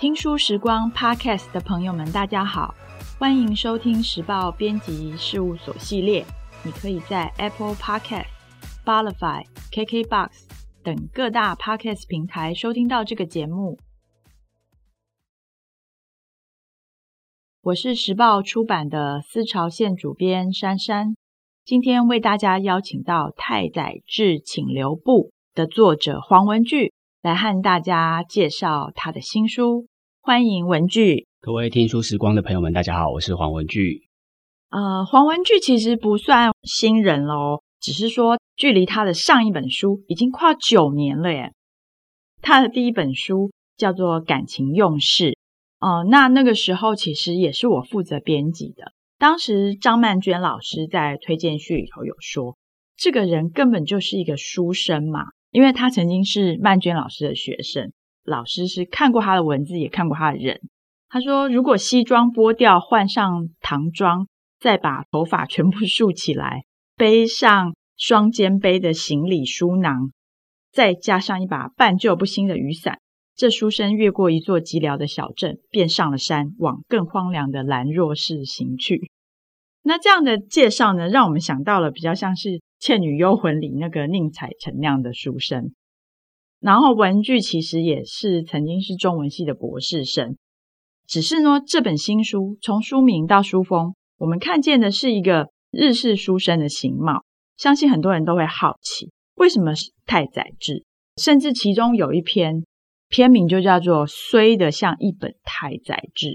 聽書時光 Podcast 的朋友們，大家好，歡迎收聽《時報編輯事務所》系列。你可以在 Apple Podcast、Spotify、KKbox 等各大 Podcast 平台收聽到這個節目。我是《時報》出版的思潮線主編珊珊，今天為大家邀請到《太宰治，請留步》的作者黃文鉅來和大家介紹他的新書。歡迎文鉅，各位聽書時光的朋友們，大家好，我是黃文鉅。呃，黃文鉅其實不算新人嘍，只是說距離他的上一本書已經快九年了耶。他的第一本書叫做《感情用事》哦、呃，那那個時候其實也是我負責編輯的。當時張曼娟老師在推薦序裡頭有說，這個人根本就是一個書生嘛，因為他曾經是曼娟老師的學生。老師是看過他的文字，也看過他的人。他說：“如果西裝剝掉，換上唐裝，再把頭髮全部束起來，背上雙肩背的行李書囊，再加上一把半舊不新的雨傘，這書生越過一座寂寥的小鎮，便上了山，往更荒涼的蘭若寺行去。”那這樣的介紹呢，讓我們想到了比較像是《倩女幽魂》裡那個寧采臣那樣的書生。然後文鉅其實也是曾經是中文系的博士生，只是呢，這本新書從書名到書封，我們看見的是一個日式書生的形貌，相信很多人都會好奇，為什麼是太宰治？甚至其中有一篇篇名就叫做《衰得像一本太宰治》，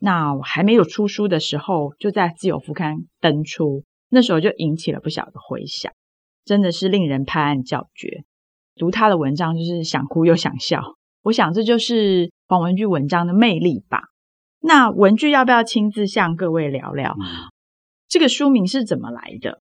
那我還沒有出書的時候，就在自由副刊登出，那時候就引起了不小的回響，真的是令人拍案叫絕。讀他的文章就是想哭又想笑，我想這就是黃文鉅文章的魅力吧。那文鉅要不要親自向各位聊聊、嗯、這個書名是怎麼來的？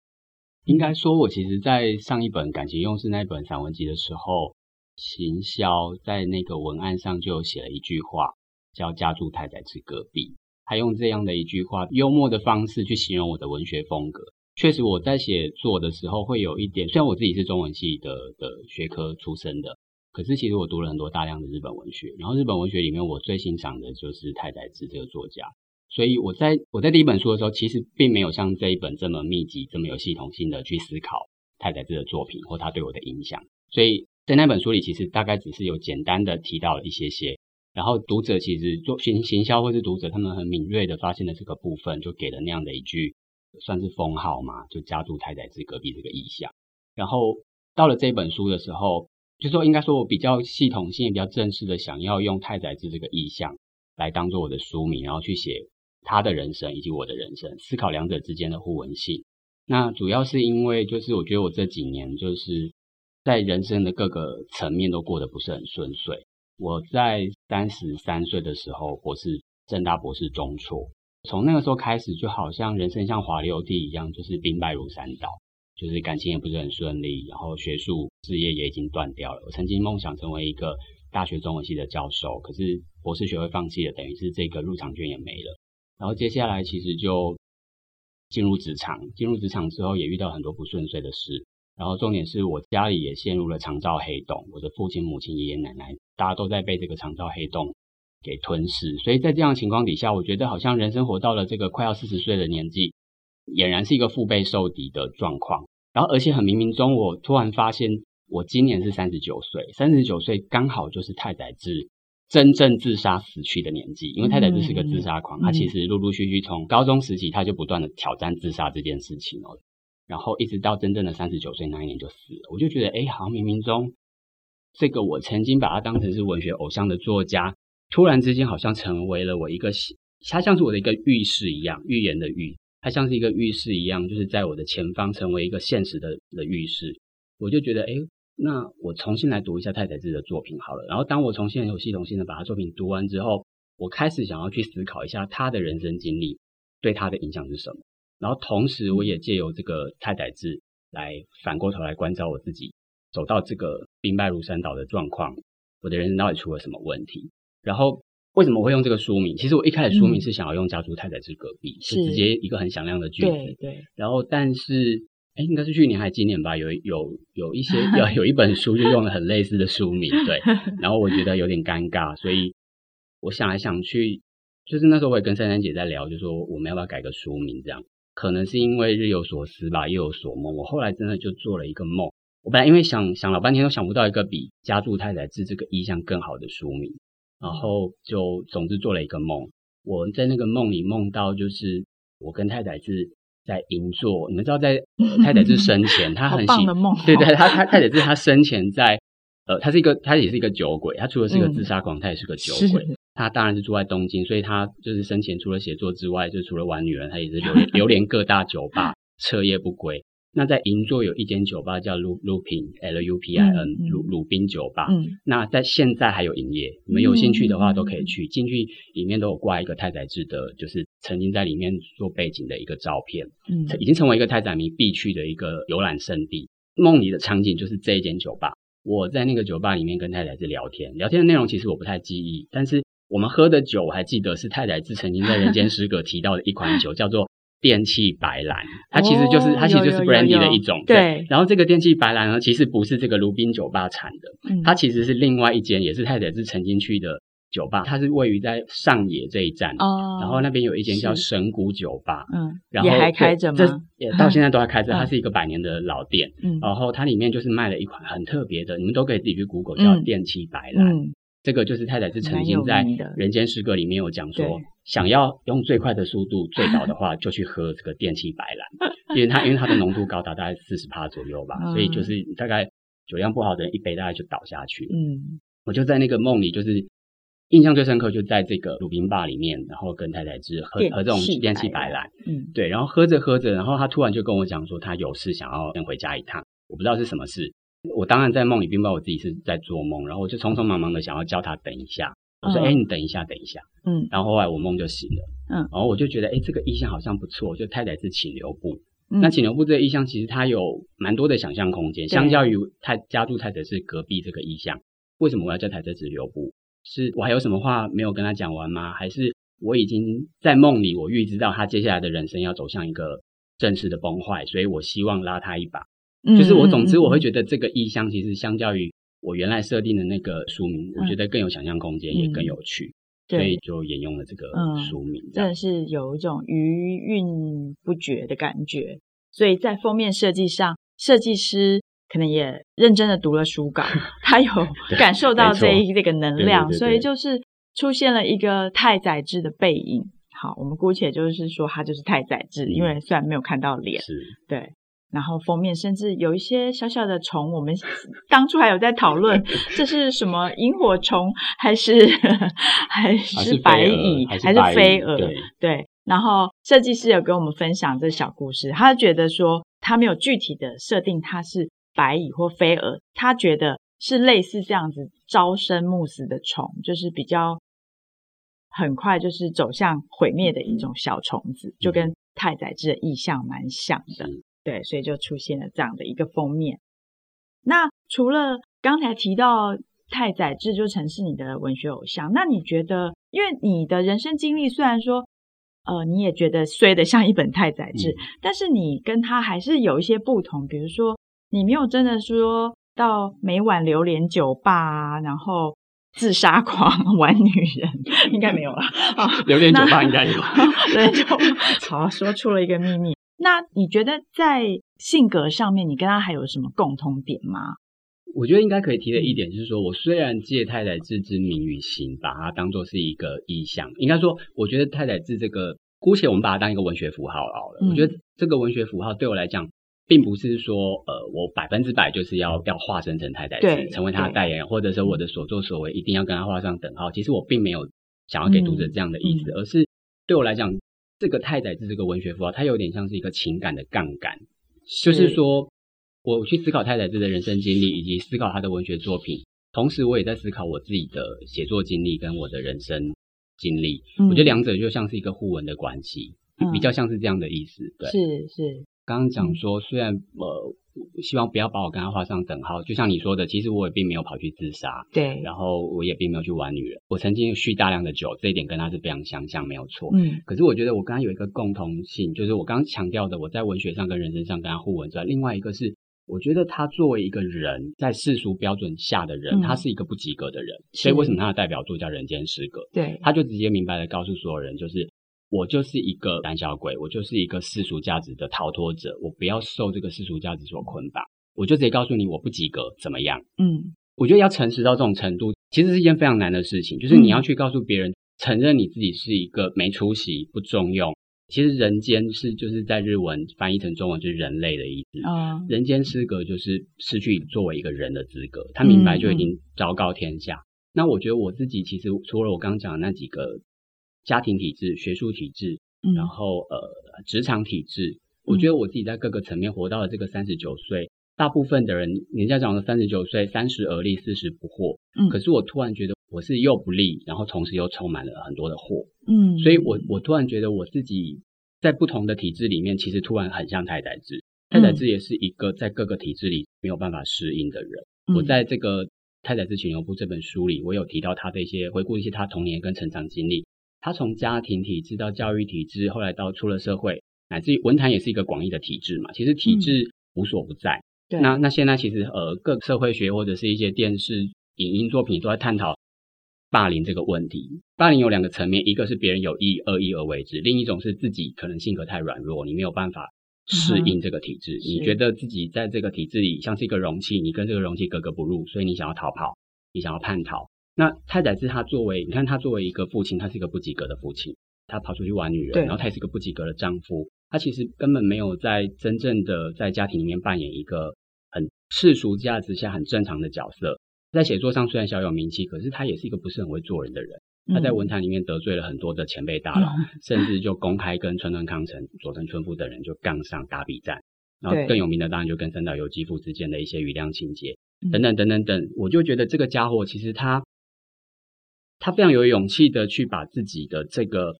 應該說，我其實，在上一本《感情用事》那本散文集的時候，行銷在那個文案上就寫了一句話，叫“家住太宰治隔壁”，他用這樣的一句話，幽默的方式去形容我的文學風格。確實，我在寫作的時候會有一點，雖然我自己是中文系的的學科出身的，可是其實我讀了很多大量的日本文學，然後日本文學裡面我最欣賞的就是太宰治這個作家，所以我在我在第一本書的時候，其實並沒有像這一本這麼密集、這麼有系統性的去思考太宰治的作品或他對我的影響，所以在那本書裡其實大概只是有簡單的提到了一些些，然後讀者其實做行行銷或是讀者他們很敏銳的發現了這個部分，就給了那樣的一句。算是封號嘛，就家住太宰治隔壁這個意象。然後到了這本書的時候，就是說應該說我比較系統性也比較正式的想要用太宰治這個意象來當做我的書名，然後去寫他的人生以及我的人生，思考兩者之間的互文性。那主要是因為就是我覺得我這幾年就是在人生的各個層面都過得不是很順遂。我在三十三歲的時候，我是政大博士中輟。從那個時候開始，就好像人生像滑溜梯一樣，就是兵敗如山倒，就是感情也不是很順利，然後學術事業也已經斷掉了。我曾經夢想成為一個大學中文系的教授，可是博士學位放棄了，等於是這個入場券也沒了。然後接下來其實就進入職場，進入職場之後也遇到很多不順遂的事，然後重點是我家裡也陷入了長照黑洞，我的父親、母親、爺爺、奶奶，大家都在被這個長照黑洞。給吞噬，所以在這樣的情況底下，我覺得好像人生活到了這個快要四十歲的年紀，儼然是一個腹背受敵的狀況。然後，而且很冥冥中，我突然發現，我今年是三十九歲，三十九歲剛好就是太宰治真正自殺死去的年紀。因為太宰治是個自殺狂，他、嗯、其實陸陸續續從高中時期他就不斷的挑戰自殺這件事情哦，然後一直到真正的三十九歲那一年就死了。我就覺得，哎，好像冥冥中，這個我曾經把他當成是文學偶像的作家。突然之間，好像成為了我一個，它像是我的一個預示一樣，預言的預，它像是一個預示一樣，就是在我的前方成為一個現實的的預示。我就覺得，哎、欸，那我重新來讀一下太宰治的作品好了。然後，當我重新有系統性的把他作品讀完之後，我開始想要去思考一下他的人生經歷對他的影響是什麼。然後，同時我也借由這個太宰治來反過頭來關照我自己，走到這個兵敗如山倒的狀況，我的人生到底出了什麼問題？然後為什麼我會用這個書名？其實我一開始書名是想要用《家住太宰治隔壁》，嗯，是直接一個很響亮的句子。對對。對然後，但是哎，應該是去年還是今年吧，有有有一些有， 有，有一本書就用了很類似的書名，對。然後我覺得有點尷尬，所以我想來想去，就是那時候我也跟珊珊姐在聊，就說我們要不要改個書名？這樣可能是因為日有所思吧，夜有所夢。我後來真的就做了一個夢，我本來因為想想老半天都想不到一個比《家住太宰治》這個意象更好的書名。然後就總之做了一個夢，我在那個夢裡夢到就是我跟太宰治在銀座。你們知道在，呃、太宰治生前，他 很喜歡對對，他他太宰治他生前在呃，他是一個他也是一個酒鬼，他除了是一個自殺狂，他，嗯、也是個酒鬼。他是當然是住在東京，所以他就是生前除了寫作之外，就除了玩女人，他也是流連 流連各大酒吧，徹夜不歸。那在銀座有一間酒吧叫 Lupin，L U P I N 魯魯賓酒吧。嗯、那在現在還有營業，你們有興趣的話都可以去。進、嗯嗯嗯、去裡面都有掛一個太宰治的，就是曾經在裡面做背景的一個照片，嗯、已經成為一個太宰迷必去的一個遊覽勝地。夢裡的場景就是這一間酒吧。我在那個酒吧裡面跟太宰治聊天，聊天的內容其實我不太記憶，但是我們喝的酒我還記得是太宰治曾經在《人間失格》提到的一款酒，叫做。電氣白蘭，它其實就是、哦，它其實就是 brandy 的一種。有有有有對，對，然後這個電氣白蘭呢，其實不是這個盧賓酒吧產的，嗯、它其實是另外一間也是太宰治曾經去的酒吧，它是位於在上野這一站，哦、然後那邊有一間叫神谷酒吧，嗯，然後也還開着嗎？這也到現在都還開着，它是一個百年的老店，嗯，然後它裡面就是賣了一款很特別的，你們都可以自己去 Google 叫電氣白蘭。嗯嗯這個就是太宰治曾經在《人間失格》裡面有講說，想要用最快的速度醉倒的話，就去喝這個電氣白蘭，因為他因為它的濃度高達大概四十趴左右吧，所以就是大概酒量不好的人一杯大概就倒下去了。嗯，我就在那個夢裡，就是印象最深刻，就在這個魯邦吧裡面，然後跟太宰治喝喝這種電氣白蘭，嗯，對，然後喝着喝着，然後他突然就跟我講說，他有事想要先回家一趟，我不知道是什麼事。我當然在夢裡並不知道我自己是在做夢，然後我就匆匆忙忙的想要叫他等一下，嗯、我說：哎、欸，你等一下，等一下。嗯，然後後來我夢就醒了，嗯，然後我就覺得，哎、欸，這個意象好像不錯，就太宰治請留步。嗯、那請留步這個意象其實它有蠻多的想象空間，嗯、相較於他家住太宰治隔壁這個意象，對為什麼我要叫太宰治留步？是我還有什麼話沒有跟他講完嗎？還是我已經在夢裡我預知到他接下來的人生要走向一個正式的崩壞，所以我希望拉他一把。嗯、就是我，總之我會覺得這個意象其實相較於我原來設定的那個書名，嗯、我覺得更有想象空間，也更有趣，嗯、所以就沿用了這個書名。真的、嗯、是有一種餘韻不絕的感覺，所以在封面設計上，設計師可能也認真的讀了書稿，呵呵，他有感受到這這個能量，對對對對，所以就是出現了一個太宰治的背影。好，我們姑且就是說他就是太宰治，嗯、因為雖然沒有看到臉，是，對。然後封面甚至有一些小小的蟲，我們當初還有在討論這是什麼螢火蟲，還是呵呵還是白蟻還是，還是飛蛾？對，對。然後設計師有跟我們分享這小故事，他覺得說他沒有具體的設定它是白蟻或飛蛾，他覺得是類似這樣子朝生暮死的蟲，就是比較很快就是走向毀滅的一種小蟲子，嗯，就跟太宰治的意象蠻像的。對，所以就出現了這樣的一個封面。那除了剛才提到太宰治，就曾是你的文學偶像，那你覺得，因為你的人生經歷雖然說，呃，你也覺得衰得像一本太宰治，嗯、但是你跟他還是有一些不同，比如說你沒有真的說到每晚流連酒吧、啊，然後自殺狂玩女人，應該沒有了。流連酒吧那應該有， 對就好說出了一個秘密。那你覺得在性格上面，你跟他還有什麼共通點嗎？我覺得應該可以提的一點就是說，我雖然借太宰治之名與行，把它當做是一個意象，應該說，我覺得太宰治這個，姑且我們把它當一個文學符號好了。嗯、我覺得這個文學符號對我來講，並不是說，呃，我百分之百就是要要化身成太宰治，對成為他的代言人，對或者說我的所作所為一定要跟他畫上等號。其實我並沒有想要給讀者這樣的意思，嗯、而是對我來講。這個太宰治這個文學符號，它有點像是一個情感的槓桿，就是說，是我去思考太宰治的人生經歷，以及思考他的文學作品，同時我也在思考我自己的寫作經歷跟我的人生經歷，我覺得兩者就像是一個互文的關係，嗯、比較像是這樣的意思。對，是是，是剛剛講說，雖然呃。希望不要把我跟他畫上等號，就像你說的，其實我也並沒有跑去自殺，對，然後我也並沒有去玩女人，我曾經酗大量的酒，這一點跟他是非常相像，沒有錯，嗯，可是我覺得我跟他有一個共同性，就是我剛剛強調的，我在文學上跟人生上跟他互文之外，另外一個是，我覺得他作為一個人，在世俗標準下的人，嗯、他是一個不及格的人，是所以為什麼他的代表作叫《人間失格》，對，他就直接明白的告訴所有人，就是。我就是一個膽小鬼，我就是一個世俗價值的逃脫者，我不要受這個世俗價值所捆綁，我就直接告訴你我不及格怎麼樣？嗯，我覺得要誠實到這種程度，其實是一件非常難的事情，就是你要去告訴別人，嗯、承認你自己是一個沒出息、不中用。其實“人間”是就是在日文翻譯成中文就是人類的意思，啊、哦，人間失格就是失去作為一個人的資格，他明白就已經昭告天下。嗯、那我覺得我自己其實除了我剛剛講的那幾個。家庭體制、學術體制，嗯、然後呃，職場體制，嗯、我覺得我自己在各個層面活到了這個三十九歲。大部分的人，人家講了三十九歲，三十而立，四十不惑。嗯、可是我突然覺得我是又不立，然後同時又充滿了很多的惑。嗯，所以我，我我突然覺得我自己在不同的體制裡面，其實突然很像太宰治。太宰治也是一個在各個體制裡沒有辦法適應的人。嗯、我在這個《太宰治請留步》這本書裡，我有提到他的一些回顧一些他童年跟成長經歷。他從家庭體制到教育體制，後來到出了社會，乃至於文壇也是一個廣義的體制嘛。其實體制無所不在。對、嗯。那那現在其實呃，各社會學或者是一些電視、影音作品都在探討霸凌這個問題。霸凌有兩個層面，一個是別人有意惡意而為之，另一種是自己可能性格太軟弱，你沒有辦法適應這個體制，嗯、你覺得自己在這個體制裡像是一個容器，你跟這個容器格格不入，所以你想要逃跑，你想要叛逃。那太宰治他作為，你看他作為一個父親，他是一個不及格的父親，他跑出去玩女人，然後他也是個不及格的丈夫，他其實根本沒有在真正的在家庭裡面扮演一個很世俗價值下很正常的角色。在寫作上雖然小有名氣，可是他也是一個不是很會做人的人。他在文壇裡面得罪了很多的前輩大佬，甚至就公開跟川端康成、佐藤春夫等人就槓上打筆戰。然後更有名的當然就跟三島由紀夫之間的一些瑜亮情結等等等等等，我就覺得這個傢伙其實他。他非常有勇氣的去把自己的這個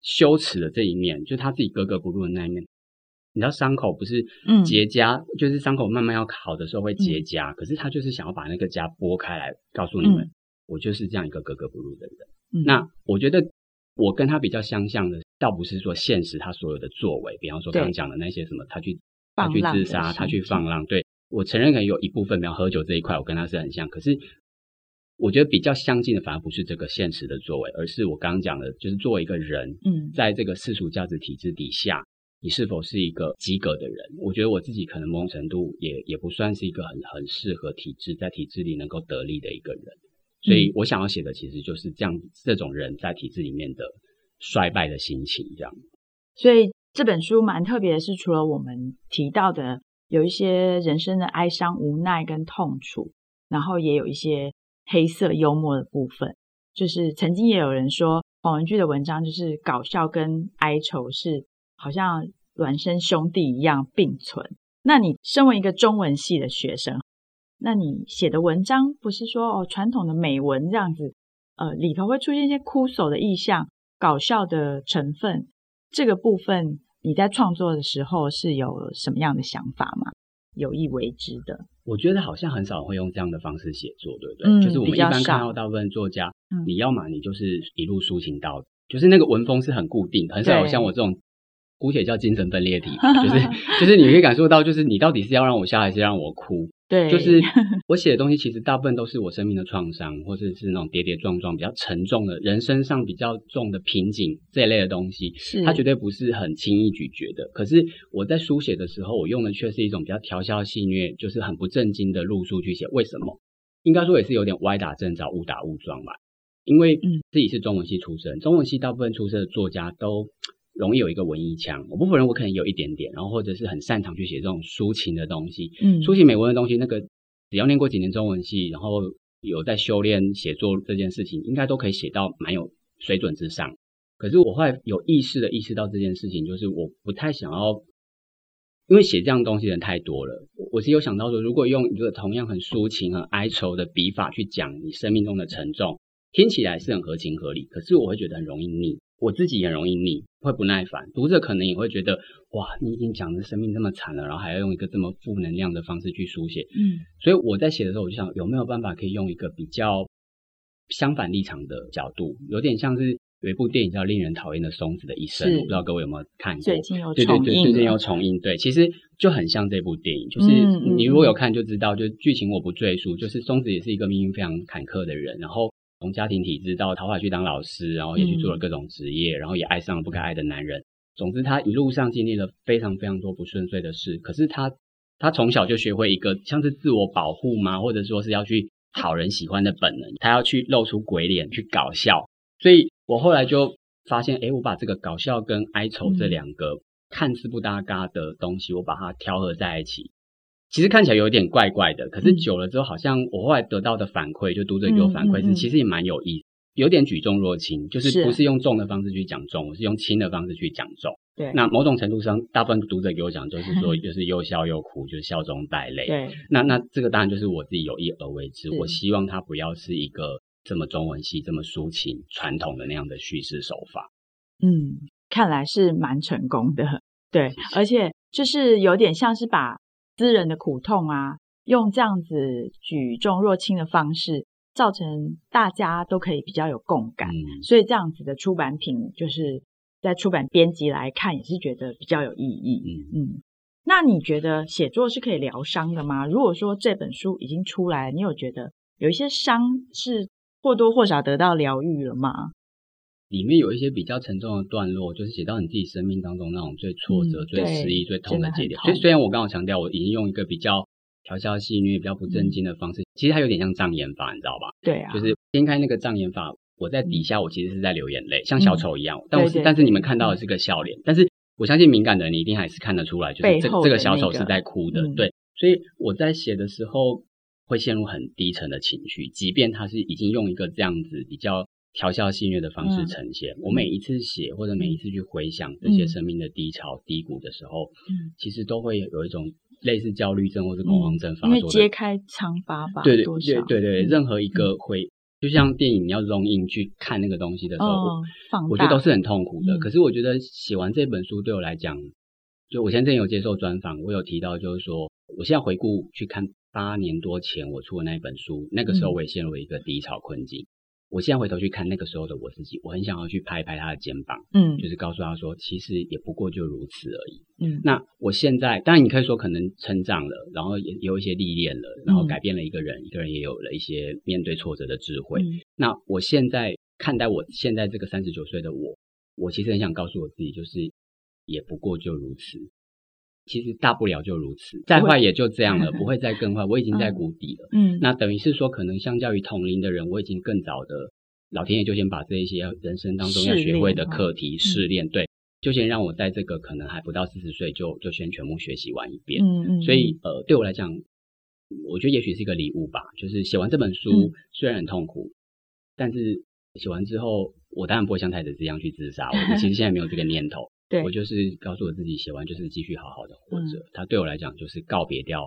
羞恥的這一面，就他自己格格不入的那一面，你知道傷口不是結痂，嗯、就是傷口慢慢要好的時候會結痂，嗯、可是他就是想要把那個痂剝開來，告訴你們，嗯、我就是這樣一個格格不入的人的。嗯、那我覺得我跟他比較相像的，倒不是說現實他所有的作為，比方說剛，剛講的那些什麼，他去他去自殺，他去放浪，對，我承認可能有一部分，比方喝酒這一塊，我跟他是很像，可是。我覺得比較相近的，反而不是這個現實的作為，而是我剛剛講的，就是作為一個人，嗯，在這個世俗價值體制底下，你是否是一個及格的人？我覺得我自己可能某種程度也也不算是一個很很適合體制，在體制裡能夠得力的一個人。所以我想要寫的，其實就是這樣，這種人在體制裡面的衰敗的心情，這樣。所以這本書蠻特別的是除了我們提到的有一些人生的哀傷、無奈跟痛楚，然後也有一些。黑色幽默的部分，就是曾經也有人說，黃文鉅的文章就是搞笑跟哀愁是好像孿生兄弟一樣並存。那你身為一個中文系的學生，那你寫的文章不是說哦傳統的美文這樣子，呃裡頭會出現一些枯澀的意象、搞笑的成分，這個部分你在創作的時候是有什麼樣的想法嗎？有意為之的，我覺得好像很少會用這樣的方式寫作，對不對？嗯，就是我們一般看到大部分作家，你要嘛你就是一路抒情到，嗯，就是那個文風是很固定，很少有像我這種對姑且叫精神分裂體，就是 就是你可以感受到，就是你到底是要讓我笑還是讓我哭。對，就是我寫的東西，其實大部分都是我生命的創傷，或者是，是那種跌跌撞撞，比較沉重的人生上比較重的瓶頸這一類的東西。是，它絕對不是很輕易咀嚼的。可是我在書寫的時候，我用的卻是一種比較調笑戲謔，就是很不正經的路數去寫。為什麼？應該說也是有點歪打正着，誤打誤撞吧。因為自己是中文系出身，中文系大部分出身的作家都容易有一個文藝腔，我不否認我可能有一點點，然後或者是很擅長去寫這種抒情的東西，嗯，抒情美文的東西，那個只要念過幾年中文系，然後有在修煉寫作這件事情，應該都可以寫到蠻有水準之上。可是我會有意識的意識到這件事情，就是我不太想要，因為寫這樣東西的人太多了，我，我是有想到說，如果用一個同樣很抒情、很哀愁的筆法去講你生命中的沉重，聽起來是很合情合理，可是我會覺得很容易膩。我自己也容易膩，會不耐煩。讀者可能也會覺得，哇，你已經講的生命這麼慘了，然後還要用一個這麼負能量的方式去書寫，嗯。所以我在寫的時候，我就想有沒有辦法可以用一個比較相反立場的角度，有點像是有一部電影叫《令人討厭的松子的一生》是，我不知道各位有沒有看過？最近有重映，對對對，最近有重映。對，其實就很像這部電影，就是你如果有看就知道，就劇情我不贅述，嗯嗯嗯，就是松子也是一個命運非常坎坷的人，然後。從家庭體制到桃花去當老師，然後也去做了各種職業，嗯、然後也愛上了不可愛的男人。總之，他一路上經歷了非常非常多不順遂的事。可是他，他從小就學會一個像是自我保護嘛，或者說是要去討人喜歡的本能。他要去露出鬼臉，去搞笑。所以我後來就發現，誒，我把這個搞笑跟哀愁這兩個看似不搭嘎的東西，我把它調和在一起。其實看起來有點怪怪的，可是久了之後，好像我後來得到的反饋，就讀者給我反饋是，嗯、其實也蠻有意思，有點舉重若輕，就是不是用重的方式去講重，是我是用輕的方式去講重。對，那某種程度上，大部分讀者給我講就是說，就是又笑又哭， 就是笑中帶淚。對，那那這個當然就是我自己有意而為之，是我希望它不要是一個這麼中文系、這麼抒情、傳統的那樣的敘事手法。嗯，看來是蠻成功的，對，謝謝。而且就是有點像是把。私人的苦痛啊，用這樣子舉重若輕的方式，造成大家都可以比較有共感，mm hmm. 所以這樣子的出版品，就是在出版編輯來看也是覺得比較有意義。Mm hmm. 嗯，那你覺得寫作是可以療傷的嗎？如果說這本書已經出來了，你有覺得有一些傷是或多或少得到療癒了嗎？裡面有一些比較沉重的段落，就是寫到你自己生命當中那種最挫折、嗯、最失意、最痛的節點。所以雖然我剛好強調，我已經用一個比較調笑、戲謔、比較不正經的方式，嗯、其實它有點像障眼法，你知道吧？對啊。就是掀開那個障眼法，我在底下我其實是在流眼淚，嗯、像小丑一樣。但我是對對對，但是你們看到的是個笑臉，嗯、但是我相信敏感的人，你一定還是看得出來，就是這、那個、這個小丑是在哭的。嗯、對，所以我在寫的時候會陷入很低沉的情緒，即便他是已經用一個這樣子比較。調笑戲謔的方式呈現。我每一次寫或者每一次去回想這些生命的低潮、低谷的時候，其實都會有一種類似焦慮症或者恐慌症發作。因為揭開瘡疤吧，對對對，任何一個回，就像電影要放映去看那個東西的時候，我覺得都是很痛苦的。可是我覺得寫完這本書對我來講，就我現在有接受專訪，我有提到就是說，我現在回顧去看八年多前我出的那一本書，那個時候我也陷入一個低潮困境。我現在回頭去看那個時候的我自己，我很想要去拍一拍他的肩膀，嗯，就是告訴他說，其實也不過就如此而已，嗯。那我現在，當然你可以說可能成長了，然後也有一些歷練了，然後改變了一個人，嗯，一個人也有了一些面對挫折的智慧。嗯，那我現在看待我現在這個三十九歲的我，我其實很想告訴我自己，就是也不過就如此。其實大不了就如此，再壞也就這樣了，不會再更壞。我已經在谷底了。嗯，那等於是說，可能相較於同齡的人，我已經更早的，老天爺就先把這一些人生當中要學會的課題試煉，試煉嗯、對，就先讓我在這個可能還不到四十歲就就先全部學習完一遍。嗯嗯。嗯，所以呃，對我來講，我覺得也許是一個禮物吧。就是寫完這本書、嗯、雖然很痛苦，但是寫完之後，我當然不會像太宰這樣去自殺我。我、嗯、其實現在沒有這個念頭。對我就是告訴我自己，寫完就是繼續好好的活着。嗯、他對我來講就是告別掉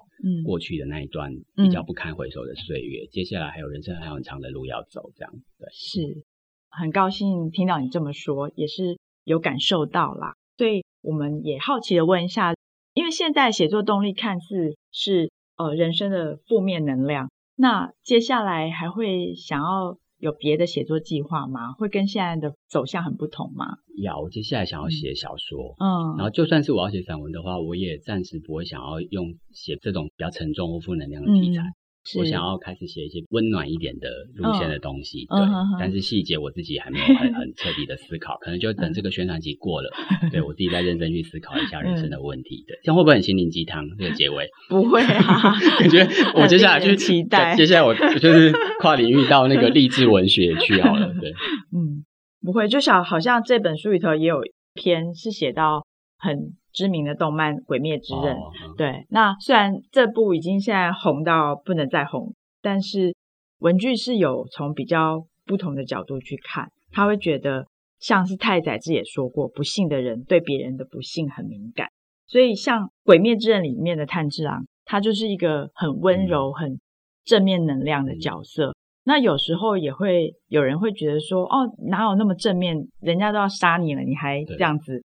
過去的那一段比較不堪回首的歲月，嗯嗯、接下來還有人生還有很長的路要走，這樣對。是很高興聽到你這麼說，也是有感受到啦。所以我們也好奇的問一下，因為現在寫作動力看似是呃人生的負面能量，那接下來還會想要？有別的寫作計劃嗎？會跟現在的走向很不同嗎？有，yeah, 我接下來想要寫小說。嗯，然後就算是我要寫散文的話，我也暫時不會想要用寫這種比較沉重或負能量的題材。嗯。是我想要開始寫一些溫暖一點的路線的東西，哦、對，哦哦哦、但是細節我自己還沒有很很徹底的思考，嗯、可能就等這個宣傳期過了，嗯、對我自己再認真去思考一下人生的問題、嗯、對。這樣會不會很心靈雞湯這個結尾？不會，啊， 感覺我接下來就、啊、期待對，接下來我就是跨領域到那個勵志文學去好了，對，嗯，不會，就想好像這本書裡頭也有一篇是寫到。很知名的動漫《鬼滅之刃》，哦哦哦、對，那雖然這部已經現在紅到不能再紅，但是文鉅是有從比較不同的角度去看，他會覺得像是太宰治也說過，不幸的人對別人的不幸很敏感，所以像《鬼滅之刃》裡面的炭治郎，他就是一個很溫柔、嗯、很正面能量的角色。嗯、那有時候也會有人會覺得說，哦，哪有那麼正面？人家都要殺你了，你還這樣子。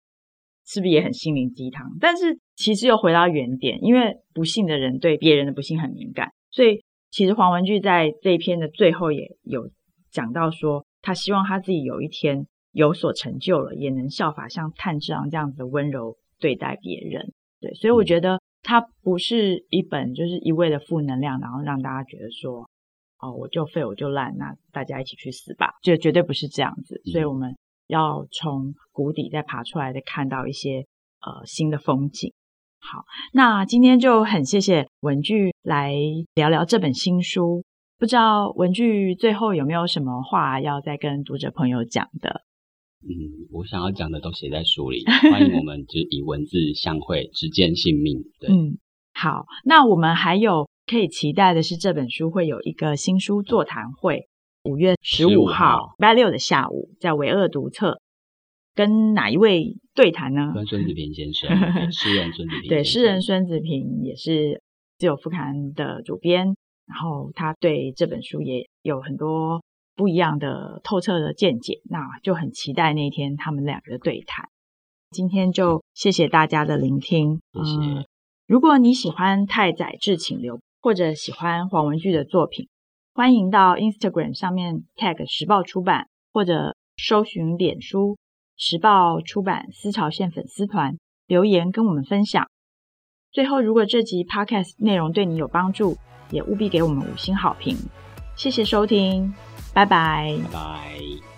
是不是也很心靈雞湯？但是其實又回到原點，因為不幸的人對別人的不幸很敏感，所以其實黃文鉅在這一篇的最後也有講到說，他希望他自己有一天有所成就了，也能效法像太宰治這樣子的溫柔對待別人。對，所以我覺得他不是一本就是一味的負能量，然後讓大家覺得說，哦，我就廢，我就爛，就爛，那大家一起去死吧，就絕對不是這樣子。所以我們。要從谷底再爬出來的，看到一些呃新的風景。好，那今天就很謝謝文鉅來聊聊這本新書。不知道文鉅最後有沒有什麼話要再跟讀者朋友講的？嗯，我想要講的都寫在書裡。歡迎我們就是以文字相會，直見性命。對，嗯，好。那我們還有可以期待的是，這本書會有一個新書座談會。五月十五號，禮拜六的下午，在微貳獨冊，跟哪一位對談呢？跟孫梓評先生，啊，詩 人孫梓評，對，詩人孫梓評也是自由副刊的主編，然後他對這本書也有很多不一樣的透徹的見解，那就很期待那一天他們兩個的對談。今天就謝謝大家的聆聽，嗯呃、謝謝。如果你喜歡太宰治，請留步，或者喜歡黃文鉅的作品。歡迎到 Instagram 上面 tag 時報出版，或者搜尋臉書時報出版思潮線粉絲團留言跟我們分享。最後，如果這集 podcast 內容對你有幫助，也務必給我們五星好評。謝謝收聽，拜拜。拜拜。